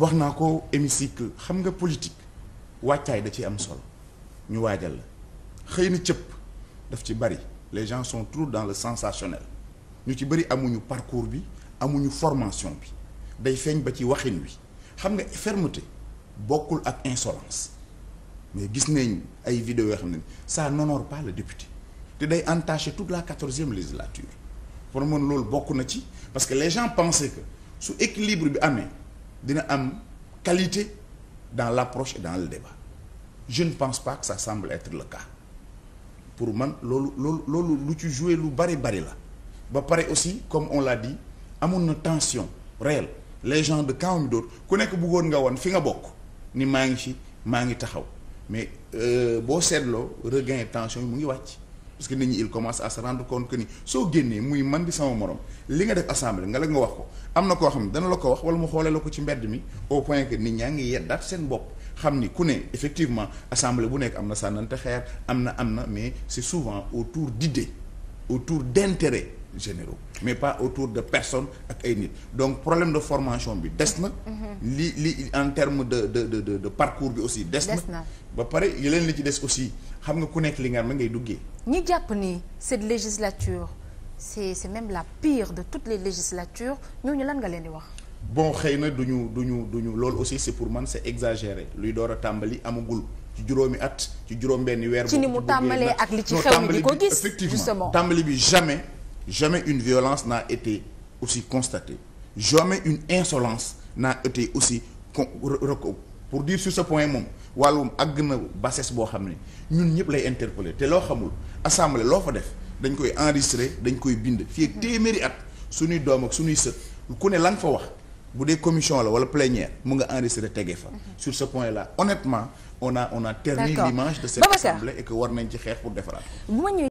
wax naa ko hémicycle xam nga politique wàccaay da ci am solo ñu waajal la xëy na cëpp daf ci bari les gens son trop dans le sensationnel ñu ci bari amuñu parcours bi amuñu formation bi day feeñ ba ci waxin wi xam nga fermeté bokkul ak insolence mais gis nañ ay vidéo yoo xam ne ça n'honore pas le député te day entacher toute la quatorzième législature pour mën loolu bokk na ci parce que les gens pensaient que su équilibre bi amee dina am qualité dans l'approche et dans le débat je ne pense pas que ça semble être le cas pour man loolu loolu lu ci jouer lu bari bari la ba pare aussi comme on l'a dit amoon na tension réelle les gens de camp mi d'autres ku nekk bëggoon nga woon fi nga bokk ni maa ngi ci maa ngi taxaw mais euh, boo seetloo regain tension yi mu ngi wàcc parce que nit ñi il commence à se rendre compte que ni soo génnee muy man di sama morom li nga def assemblée nga la nga wax ko am na koo xam ne dana la ko wax wala mu xoolee la ko ci mbedd mi au point que nit ñaa ngi yeddaat seen bopp xam ni ku ne effectivement assemblée bu nekk am na sànnante xeer am na am na mais c'est souvent autour d'idées autour d'intérêts généraux mais pas autour de personne ak ay nit donc problème de formation bi des na li li en terme de de de de parcours bi aussi des na ba pare leen li ci des aussi xam nga ku nekk li nga ma ngay duggee ñi jàpp ni cette législature c'est c'est même la pire de toutes les législatures ñooñu lan nga leen di wax bon xëy na du ñu du ñu du ñu loolu aussi c'est pour man c'est exagéré luy door a tàmbali amagul ci juróomi at ci juróom benn weer. ci ni mu tàmbalee ak li ci xew di ko gis tàmbali bi jamais jamais une violence n'a été aussi constatée jamais une insolence n'a été aussi con pour dire sur ce point moom wàllum àgg na bassesse boo xam ne ñun ñëpp lay interpeller te loo xamul assemblée loo fa def dañ koy enregistrer dañ koy bind. fii ak téeméeri at suñuy doom ak suñuy ku ne la nga wax. bu dee commission la wala plénière mu nga enregistré tege fa. Mhm. sur ce point là honnêtement on a on a terni l'image de cette assemblée et que war nañ ci xeex pour defaraat.